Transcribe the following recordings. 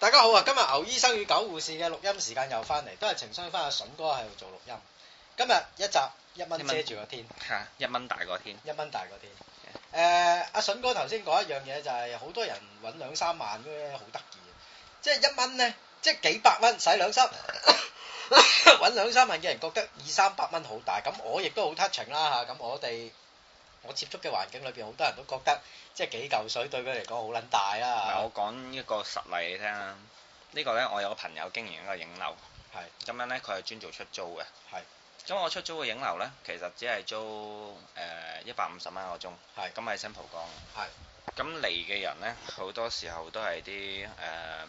大家好啊！今日牛醫生與狗護士嘅錄音時間又翻嚟，都係情商翻阿笋哥喺度做錄音。今日一集一蚊遮住個天，一蚊大個天，一蚊大個天。誒，阿笋哥頭先講一樣嘢就係，好多人搵兩三萬都好得意，即係一蚊咧，即係幾百蚊使兩三搵兩三萬嘅人覺得二三百蚊好大，咁我亦都好 touching 啦吓，咁我哋。我接觸嘅環境裏邊，好多人都覺得即係幾嚿水對佢嚟講好撚大啦，啊。唔係，我講一個實例畀你聽啦。呢、這個呢，我有個朋友經營一個影樓，係咁是樣呢，佢係專做出租嘅。係是。咁我出租嘅影樓呢，其實只係租誒一百五十蚊一個鐘。係是。咁係新蒲崗。係是。咁嚟嘅人呢，好多時候都係啲誒。呃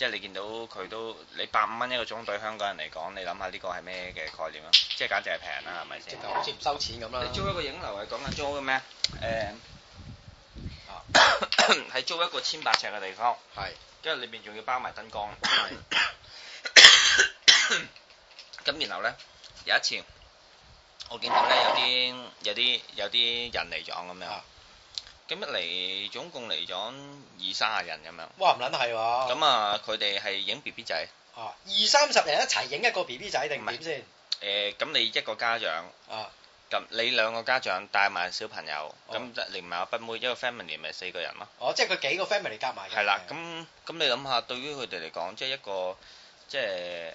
即係你見到佢都，你百五蚊一個鐘，對香港人嚟講，你諗下呢個係咩嘅概念啊？即係簡直係平啦，係咪先？即係好似唔收錢咁啦。你租一個影樓，你講緊租嘅咩？誒，係租一個千百尺嘅地方。係。跟住裏邊仲要包埋燈光。係。咁然後咧，有一次，我見到咧有啲有啲有啲人嚟咗咁樣。咁一嚟總共嚟咗二三十人咁樣。哇唔撚係。咁啊，佢哋係影 B B 仔。哦、啊，二三十人一齊影一個 B B 仔定點先？誒，咁、呃、你一個家長。啊。咁你兩個家長帶埋小朋友，咁連埋我不妹，一個 family 咪四個人咯。哦，即係佢幾個 family 夾埋。係啦，咁咁你諗下，對於佢哋嚟講，即係一個即係誒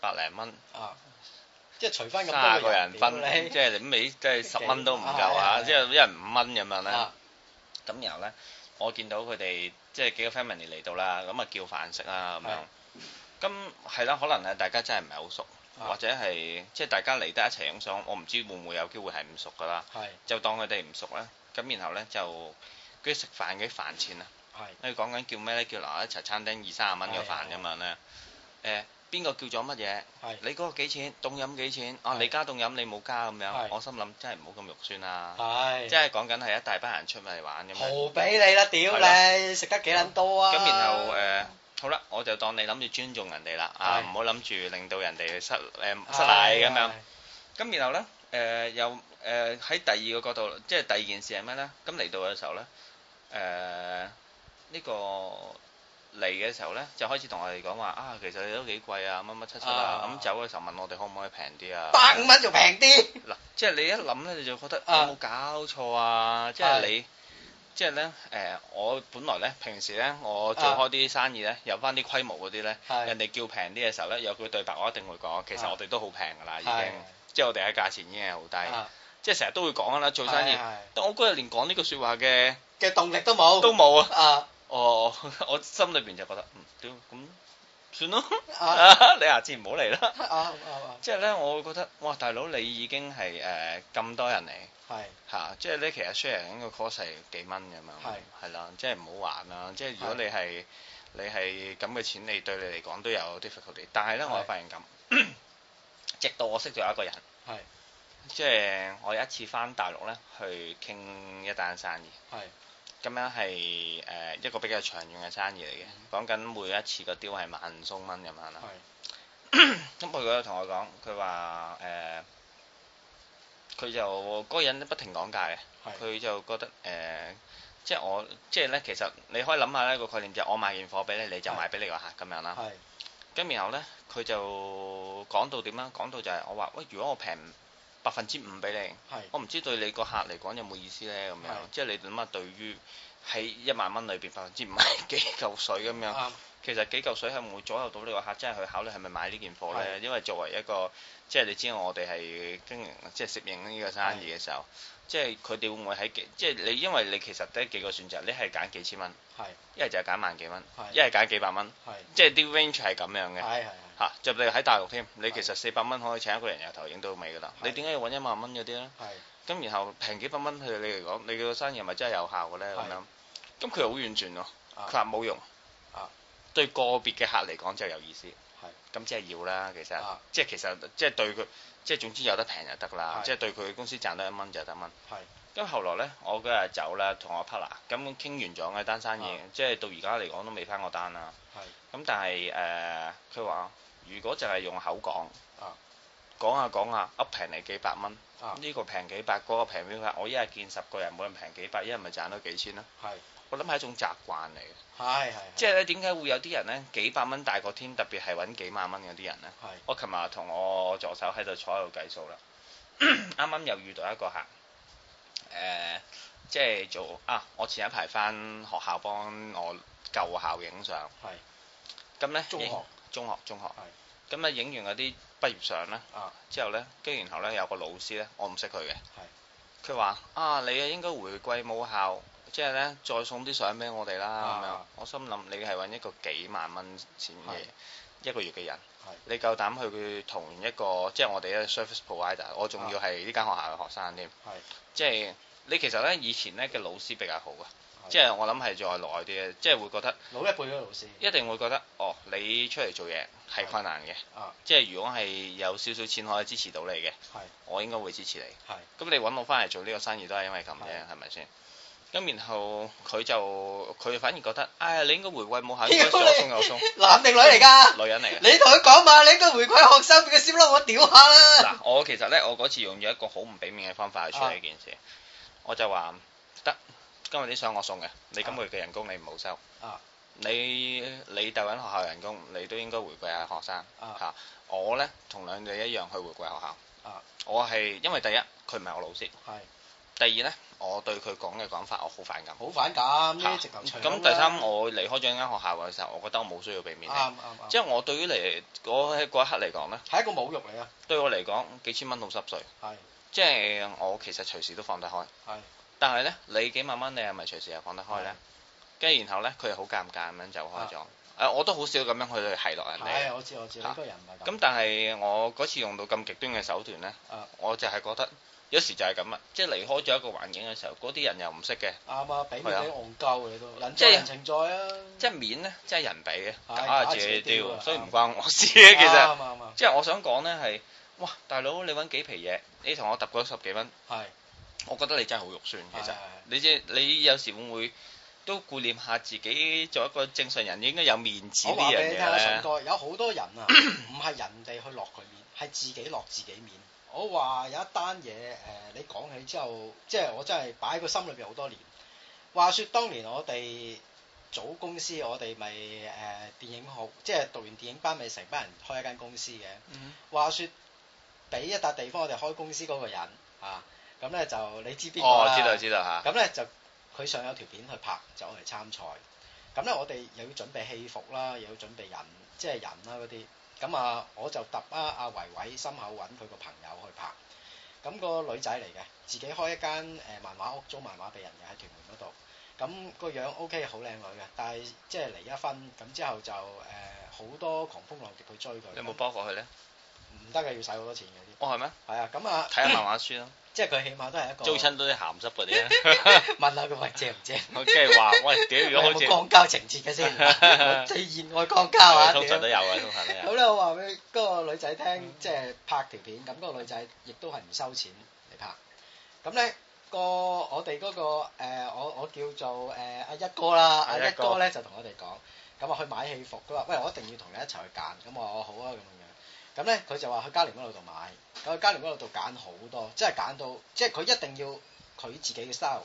百零蚊。啊。即係除翻三十個人分即係你咁尾，即係十蚊都唔夠啊！即係一人五蚊咁樣咧，咁然後咧，我見到佢哋即係幾個 family 嚟到啦，咁啊叫飯食啊咁樣，咁係啦，可能啊大家真係唔係好熟，或者係即係大家嚟得一齊享受，我唔知會唔會有機會係唔熟噶啦，就當佢哋唔熟咧，咁然後咧就嗰啲食飯嗰啲飯錢啊，跟住講緊叫咩咧？叫嗱一齊餐廳二三十蚊嘅飯咁樣咧，誒。邊個叫咗乜嘢？係你嗰個幾錢？凍飲幾錢？哦，你加凍飲你冇加咁樣，我心諗真係唔好咁肉酸啊！係，即係講緊係一大班人出嚟玩咁樣。好俾你啦，屌你，食得幾撚多啊？咁然後誒，好啦，我就當你諗住尊重人哋啦，啊，唔好諗住令到人哋失誒失禮咁樣。咁然後咧誒又誒喺第二個角度，即係第二件事係咩咧？咁嚟到嘅時候咧誒呢個。嚟嘅時候咧，就開始同我哋講話啊，其實你都幾貴啊，乜乜七七啊，咁走嘅時候問我哋可唔可以平啲啊？百五蚊就平啲。嗱，即係你一諗咧，你就覺得你有冇搞錯啊！即係你，即係咧誒，我本來咧平時咧我做開啲生意咧，有翻啲規模嗰啲咧，人哋叫平啲嘅時候咧，有佢對白我一定會講，其實我哋都好平噶啦，已經，即係我哋嘅價錢已經係好低，即係成日都會講啦，做生意。但我嗰日連講呢個説話嘅嘅動力都冇，都冇啊。哦，我心裏邊就覺得，嗯，屌，咁算咯， 你下次唔好嚟啦。即係呢，我會覺得，哇，大佬你已經係誒咁多人嚟，係嚇是，即係咧，就是、你其實 share 咁個 course 係幾蚊咁樣，係係啦，即係唔好玩啦、啊，即、就、係、是、如果你係你係咁嘅錢，你對你嚟講都有 difficulty，但係呢，是我發現咁，直到我識咗一個人，係即係我有一次翻大陸呢，去傾一單生意，係。咁樣係誒一個比較長遠嘅生意嚟嘅，講緊每一次個雕係萬鬆蚊咁樣啦。係是。咁佢嗰同我講，佢話誒，佢、呃、就嗰個人不停講價嘅。佢是就覺得誒、呃，即係我，即係咧，其實你可以諗下呢個概念就係，我賣件貨俾你，你就賣俾你個客咁樣啦。係是。咁然後咧，佢就講到點樣？講到就係我話喂，如果我平。百分之五俾你，我唔知對你個客嚟講有冇意思？咧咁樣，即係你諗下對於喺一萬蚊裏邊百分之五係幾嚿水咁樣，其實幾嚿水係唔會左右到你個客真係去考慮係咪買呢件貨咧，因為作為一個即係你知我哋係經營即係適應呢個生意嘅時候，即係佢哋會唔會喺即係你因為你其實得幾個選擇，你係揀幾千蚊，一係就係揀萬幾蚊，一係揀幾百蚊，即係啲 range 係咁樣嘅。啊，就你喺大陸添，你其實四百蚊可以請一個人由頭影到尾噶啦，你點解要揾一萬蚊嗰啲咧？係。咁然後平幾百蚊去你嚟講，你個生意係咪真係有效嘅咧？咁樣。咁佢又好婉轉喎，佢話冇用。啊。對個別嘅客嚟講，真係有意思。係。咁即係要啦，其實。即係其實即係對佢，即係總之有得平就得啦，即係對佢公司賺得一蚊就得一蚊。係。咁後來咧，我嗰日走咧，同阿 partner 咁傾完咗嘅單生意，即係到而家嚟講都未翻過單啦。係。咁但係誒，佢話。如果就係用口講啊，講下講下，一平你幾百蚊，呢、啊、個平幾百，嗰、那個平幾百，我一日見十個人，每人平幾百，一日咪賺多幾千咯、啊。係是，我諗係一種習慣嚟嘅。係係。即係咧，點解會有啲人咧幾百蚊大過天，特別係揾幾萬蚊嗰啲人咧？係是。我琴日同我助手喺度坐喺度計數啦，啱啱 又遇到一個客，誒、呃，即、就、係、是、做啊！我前一排返學校幫我舊校影相，係是。咁咧？中學。 中學，中學，咁啊影完嗰啲畢業相咧，啊、之後咧，跟住然後咧有個老師咧，我唔識佢嘅，佢話的啊，你應該回歸母校，即係咧再送啲相俾我哋啦咁樣，的我心諗你係搵一個幾萬蚊錢嘅一個月嘅人，的你夠膽去同一個即係我哋咧 service provider，我仲要係呢間學校嘅學生添，即係的的你其實咧以前咧嘅老師比較好啊。即係我諗係再耐啲嘅，即係會覺得老一輩嗰啲老師一定會覺得，哦，你出嚟做嘢係困難嘅，即係如果係有少少錢可以支持到你嘅，我應該會支持你。咁你揾我翻嚟做呢個生意都係因為咁啫，係咪先？咁然後佢就佢反而覺得，啊，你應該回饋冇下，左送右送，男定女嚟㗎？女人嚟嘅。你同佢講嘛，你應該回饋學生，嘅個小籠我屌下啦。嗱，我其實呢，我嗰次用咗一個好唔俾面嘅方法去處理呢件事，我就話。今日啲相我送嘅，你今個月嘅人工你唔好收，你你搵緊學校人工你都應該回饋下學生，嚇我咧同兩仔一樣去回饋學校，我係因為第一佢唔係我老師，第二咧我對佢講嘅講法我好反感，好反感呢啲直頭長，咁第三我離開咗間學校嘅時候，我覺得我冇需要避免你，即係我對於嚟我喺嗰一刻嚟講咧係一個侮辱嚟啊！對我嚟講幾千蚊濕濕碎，即係我其實隨時都放得開。但係咧，你幾萬蚊你係咪隨時又放得開咧？跟住然後咧，佢又好尷尬咁樣走開咗。誒，我都好少咁樣去奚落人哋。係，我知我知，應該人唔係咁。咁但係我嗰次用到咁極端嘅手段咧，我就係覺得有時就係咁啊！即係離開咗一個環境嘅時候，嗰啲人又唔識嘅。啱啊，俾唔俾戇鳩你都，即係人情在啊！即係面咧，即係人俾嘅，啊，自己丟，所以唔關我事啊！其實，即係我想講咧係，哇！大佬你揾幾皮嘢？你同我揼過十幾蚊。係。我覺得你真係好肉酸，其實你即係你有時會唔會都顧念下自己，做一個正常人應該有面子呢樣嘢咧？有好多人啊，唔係人哋去落佢面，係自己落自己面。我話有一單嘢誒，你講起之後，即係我真係擺喺個心裏邊好多年。話說當年我哋組公司，我哋咪誒電影學，即係讀完電影班，咪成班人開一間公司嘅。嗯、話說俾一笪地方我哋開公司嗰個人啊！咁咧就你知邊個啦、啊？咁咧、哦、就佢上有條片去拍，就攞嚟參賽。咁咧我哋又要準備戲服啦，又要準備人，即係人啦嗰啲。咁啊，我就揼啊阿維維心口揾佢個朋友去拍。咁、個女仔嚟嘅，自己開一間誒漫畫屋，租漫畫俾人嘅喺屯門嗰度。咁、個樣 OK，好靚女嘅，但係即係嚟一分。咁之後就誒好、呃、多狂蜂浪蝶去追佢。有冇幫過佢咧？唔得嘅，要使好多錢嘅啲。哦，係咩？係啊，咁啊，睇下漫畫書咯。即係佢起碼都係一個。租親都啲鹹濕嗰啲咧。問下佢話正唔正？我即係話喂，屌，如果好似有冇光交情節嘅先。我最熱愛光交啊！通常都有嘅，通常係。好啦，我話俾嗰個女仔聽即係拍條片咁，嗰個女仔亦都係唔收錢嚟拍。咁咧個我哋嗰個誒，我我叫做誒阿一哥啦，阿一哥咧就同我哋講，咁啊去買戲服，佢話喂，我一定要同你一齊去揀，咁我好啊咁。咁咧，佢就話去嘉廉嗰度度買，咁去嘉廉嗰度度揀好多，即係揀到，即係佢一定要佢自己嘅 style，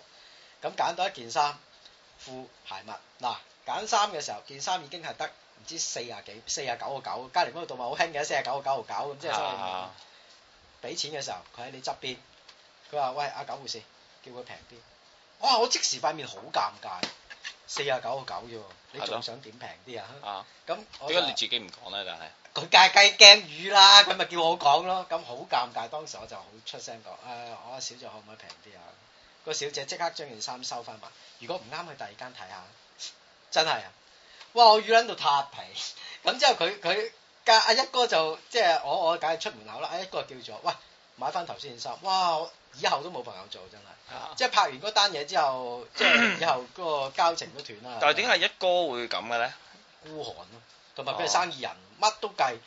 咁揀到一件衫、褲、鞋襪。嗱，揀衫嘅時候，件衫已經係得唔知四廿幾、四廿九個九，嘉廉嗰度度賣好興嘅，四廿九個九個九，咁即係所以。俾錢嘅時候，佢喺你側邊，佢話：喂，阿九護士，叫佢平啲。哇！我即時塊面好尷尬，四廿九個九啫喎，你仲想點平啲啊？咁點解你自己唔講咧？但係。佢戒雞驚魚啦，佢咪叫我講咯，咁好尷尬。當時我就好出聲講，誒、哎，我小姐可唔可以平啲啊？個小姐即刻將件衫收翻埋。如果唔啱，去第二間睇下。真係啊！哇，我魚撚到塌皮。咁之後佢佢架阿一哥就即係、就是、我我梗係出門口啦。啊、一哥就叫做：「我，喂，買翻頭先件衫。哇，哇，我以後都冇朋友做真係。啊、即係拍完嗰單嘢之後，嗯、即係以後嗰個交情都斷啦。但係點解一哥會咁嘅咧？孤寒咯、啊。同埋佢係生意人，乜都計，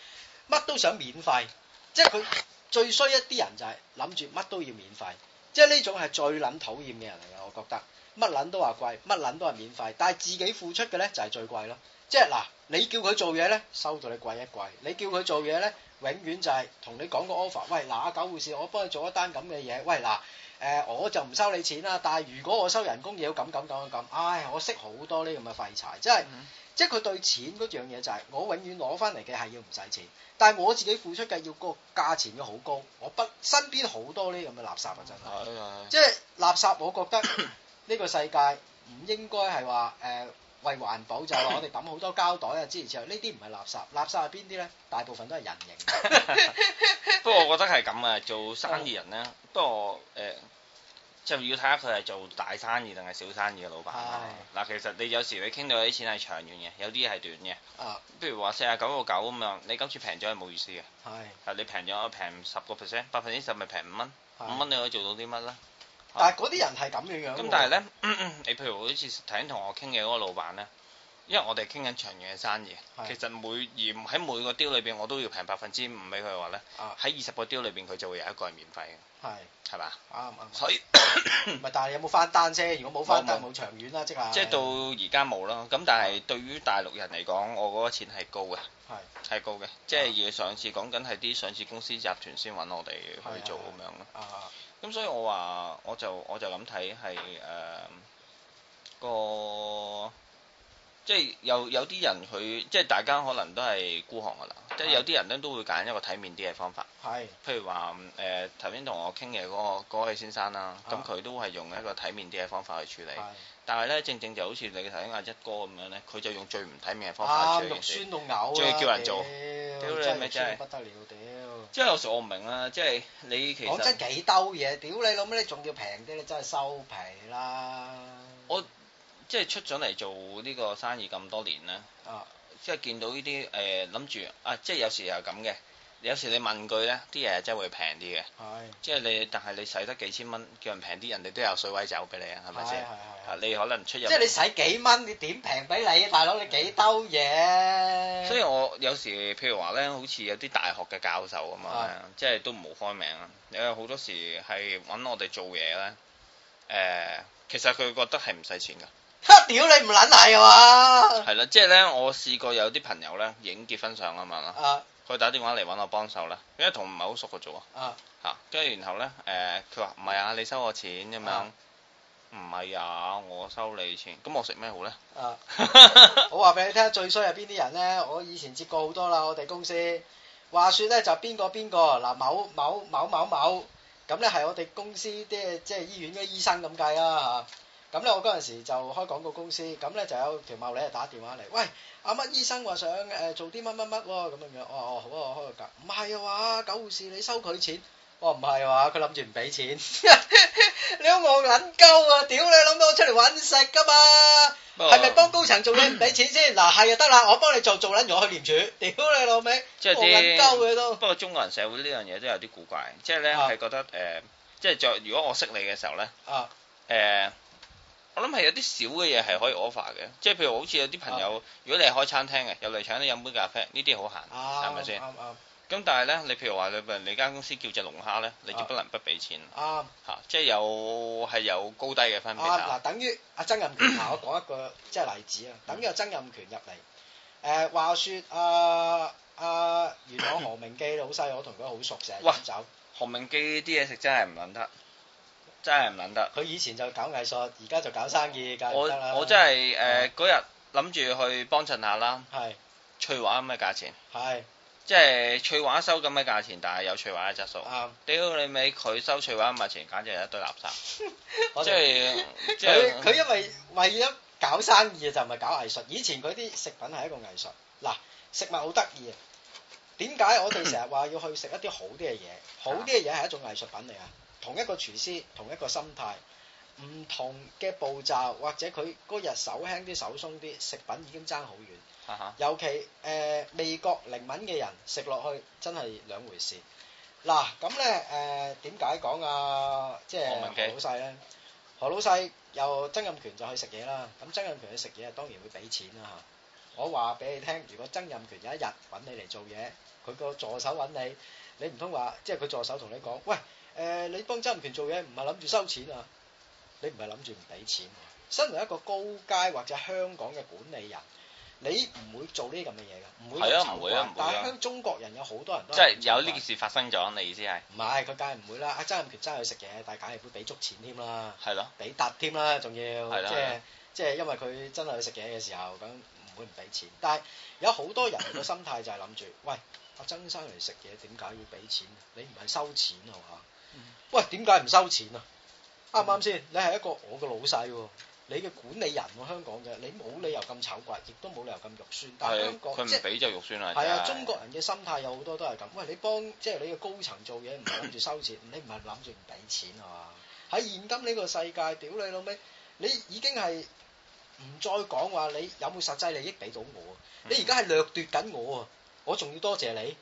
乜都想免費，即係佢最衰一啲人就係諗住乜都要免費，即係呢種係最撚討厭嘅人嚟嘅，我覺得乜撚都話貴，乜撚都話免費，但係自己付出嘅咧就係、是、最貴咯。即係嗱，你叫佢做嘢咧，收到你貴一貴；你叫佢做嘢咧，永遠就係同你講個 offer，喂嗱，阿、呃、狗護士，我幫你做一單咁嘅嘢，喂嗱，誒、呃、我就唔收你錢啦，但係如果我收人工嘢，我咁咁咁咁唉，我識好多呢咁嘅廢柴，即係。Mm hmm. 即係佢對錢嗰樣嘢就係，我永遠攞翻嚟嘅係要唔使錢，但係我自己付出嘅要個價錢要好高。我不身邊好多呢啲咁嘅垃圾啊，真係。即係、就是、垃圾，我覺得呢個世界唔應該係話誒為環保就話我哋抌好多膠袋啊，之前之後，呢啲唔係垃圾，垃圾係邊啲咧？大部分都係人形。不過我覺得係咁啊，做生意人咧，不過誒。就要睇下佢係做大生意定係小生意嘅老闆嗱，啊、其實你有時你傾到啲錢係長遠嘅，有啲係短嘅。啊，譬如話四十九個九咁樣，你今次平咗係冇意思嘅。係是，係你平咗平十個 percent，百分之十咪平五蚊？五蚊你可以做到啲乜啦？但係嗰啲人係咁樣嘅。咁但係咧、嗯，你譬如好似頭先同我傾嘅嗰個老闆咧。因為我哋傾緊長遠嘅生意，其實每而喺每個 deal 裏邊，我都要平百分之五俾佢嘅話咧，喺二十個 deal 裏邊，佢就會有一個係免費嘅，係係嘛？啊，所以唔咪但係有冇翻單啫？如果冇翻單，冇長遠啦，即係。到而家冇咯，咁但係對於大陸人嚟講，我覺得錢係高嘅，係係高嘅，即係要上次講緊係啲上市公司集團先揾我哋去做咁樣咯。咁所以我話我就我就咁睇係誒。即係有有啲人佢即係大家可能都係孤寒噶啦，即係有啲人咧都會揀一個體面啲嘅方法。係。譬如話誒頭先同我傾嘅嗰嗰位先生啦，咁佢都係用一個體面啲嘅方法去處理。係。但係咧正正就好似你頭先阿一哥咁樣咧，佢就用最唔體面嘅方法。啊！肉酸到嘔啊！仲要叫人做！屌！屌你咩真係不得了！屌！即係有時我唔明啦，即係你其實我真係幾兜嘢，屌你諗你仲要平啲，你真係收皮啦！我。即係出咗嚟做呢個生意咁多年咧，啊、即係見到呢啲誒諗住啊，即係有時又咁嘅。有時你問句咧，啲嘢真係會平啲嘅。係、哎、即係你，但係你使得幾千蚊叫人平啲，人哋都有水位走俾你啊，係咪先？哎哎哎哎、你可能出入即係你使幾蚊，你點平俾你大佬？你幾兜嘢？哎、所以我有時譬如話咧，好似有啲大學嘅教授咁樣、哎，即係都唔好開名啊。你有好多時係揾我哋做嘢咧，誒、呃，其實佢覺得係唔使錢㗎。屌你唔撚係嘛？係啦，即係咧，我試過有啲朋友咧影結婚相啊嘛，佢打電話嚟搵我幫手啦，因為同唔係好熟嘅做啊，吓，跟住然後咧，誒、呃，佢話唔係啊，你收我錢咁樣，唔係啊，啊，我收你錢，咁我食咩好咧？啊、 我話俾你聽最衰係邊啲人咧，我以前接過好多啦，我哋公司，話說咧就邊個邊個嗱某某某某某，咁咧係我哋公司啲，即係醫院嘅醫生咁計啦咁咧，我嗰陣時就開廣告公司，咁咧就有條茂利啊打電話嚟，喂，阿乜醫生話想誒做啲乜乜乜喎，咁樣樣，我話哦好啊，我開個格唔係啊話，狗護士你收佢錢，我話唔係啊話，佢諗住唔俾錢，你好冇撚鳩啊！屌你，諗到我出嚟揾食噶嘛？係咪幫高層做嘢唔俾錢先？嗱係就得啦，我幫你做做撚嘢，我去廉署，屌你老味，我撚鳩嘅都。不過中國人社會呢樣嘢都有啲古怪，即係咧係覺得誒，即係就如果我識你嘅時候咧，誒。我諗係有啲少嘅嘢係可以 offer 嘅，即係譬如好似有啲朋友，啊、如果你係開餐廳嘅，有嚟請你飲杯咖啡，呢啲好閒，係咪先？啱啱。咁但係咧，你譬如話你人你間公司叫隻龍蝦咧，你就不能不俾錢。啱、啊。吓、啊，啊、即係有係有高低嘅分別。嗱、啊，等於阿曾蔭權，我講一個即係例子啊，等於阿曾蔭權入嚟。誒、 就是呃，話說阿阿元朗何明基好犀利，我同佢好熟，成日。哇，何明基啲嘢食真係唔捻得。真係唔捻得。佢以前就搞藝術，而家就搞生意，夾唔得啦。我，我真係誒嗰日諗住去幫襯下啦。係翠華咁嘅價錢。係，即係翠華收咁嘅價錢，但係有翠華嘅質素。屌你咪佢收翠華咁嘅價錢，簡直係一堆垃圾。即係佢佢因為為咗搞生意就唔係搞藝術。以前嗰啲食品係一個藝術，嗱食物好得意啊。點解我哋成日話要去食一啲好啲嘅嘢？好啲嘅嘢係一種藝術品嚟啊。同一個廚師，同一個心態，唔同嘅步驟或者佢嗰日手輕啲、手鬆啲，食品已經爭好遠。嚇、uh huh. 尤其誒味覺靈敏嘅人食落去真係兩回事。嗱咁咧誒點解講啊？即係何老細咧？何老細又曾蔭權就去食嘢啦。咁曾蔭權去食嘢啊，當然會俾錢啦、啊、嚇。我話俾你聽，如果曾蔭權有一日揾你嚟做嘢，佢個助手揾你，你唔通話即係佢助手同你講喂？誒、呃，你幫曾蔭權做嘢唔係諗住收錢啊？你唔係諗住唔俾錢、啊。身為一個高階或者香港嘅管理人，你唔會做呢啲咁嘅嘢㗎，唔會。係啊，唔會啊，唔會啊。但係香港中國人有好多人都即係是 有呢件事發生咗，你意思係？唔係，佢梗係唔會啦。阿曾蔭權真係去食嘢，但係梗係會俾足錢添啦。係咯的。俾凸添啦，仲要即係即係，因為佢真係去食嘢嘅時候，咁唔會唔俾錢。但係有好多人個心態就係諗住， 喂，阿曾生嚟食嘢，點解要俾錢？你唔係收錢係、啊、嘛？喂，點解唔收錢啊？啱唔啱先？你係一個我嘅老細、啊，你嘅管理人、啊，香港嘅，你冇理由咁醜怪，亦都冇理由咁肉酸。但係香港，佢唔俾就肉酸係。係即啊，中國人嘅心態有好多都係咁。喂，你幫即係你嘅高層做嘢，唔係諗住收錢， 你唔係諗住唔俾錢啊嘛？喺現今呢個世界，屌你老味，你已經係唔再講話你有冇實際利益俾到我。啊、嗯。你而家係掠奪緊我啊，我仲要多謝、謝你。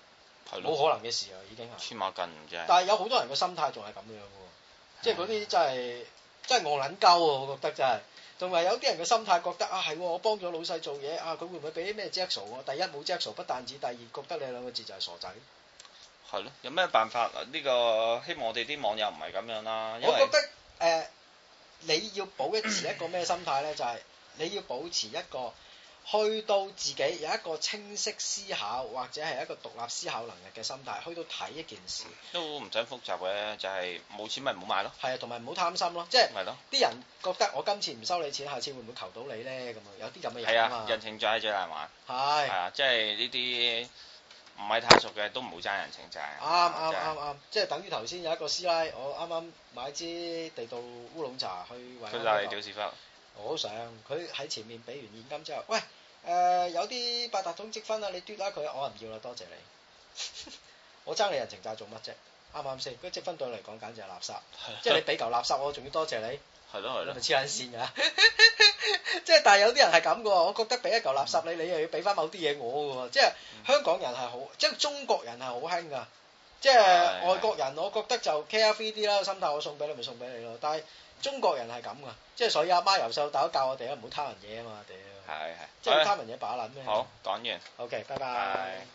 冇可能嘅事啊，已經係。千碼近啫。但係有好多人嘅心態仲係咁樣喎，是的 即係嗰啲真係、嗯、真係我撚鳩喎，我覺得真係。同埋有啲人嘅心態覺得啊，係我幫咗老細做嘢啊，佢會唔會俾啲咩 jetso 第一冇 jetso 不但止，第二覺得你兩個字就係傻仔。係咯，有咩辦法？呢、這個希望我哋啲網友唔係咁樣啦。我覺得誒、呃，你要保持一個咩心態咧？就係、是、你要保持一個。去到自己有一個清晰思考或者係一個獨立思考能力嘅心態，去到睇一件事都唔想複雜嘅，就係、是、冇錢咪唔好買咯。係啊，同埋唔好貪心咯，即係啲、啊、人覺得我今次唔收你錢，下次會唔會求到你咧？咁啊，有啲咁嘅嘢啊嘛。人情債最難還。係。係啊，即係呢啲唔係太熟嘅都唔好爭人情債。啱啱啱啱，即係等於頭先有一個師奶，我啱啱買支地道烏龍茶去為佢。佢鬧你屌屎忽。我想，佢喺前面俾完現金之後，喂。誒有啲八達通積分啊，你嘟下佢，我啊唔要啦，多謝你。我爭你人情債做乜啫？啱唔啱先？嗰積分對你嚟講簡直係垃圾，即係你俾嚿垃圾，我仲要多謝你，係咯係咯，咪黐眼線㗎。即係但係有啲人係咁嘅喎，我覺得俾一嚿垃圾你，你又要俾翻某啲嘢我嘅喎，即係香港人係好，即係中國人係好興㗎，即係外國人我覺得就 carefree 啲啦，心態我送俾你咪送俾你咯，但係。中國人係咁㗎，即係所以阿媽由細到大都教我哋啊，唔好貪人嘢啊嘛，屌！係係係，即係唔貪人嘢把撚咩？好，講完。OK，拜拜。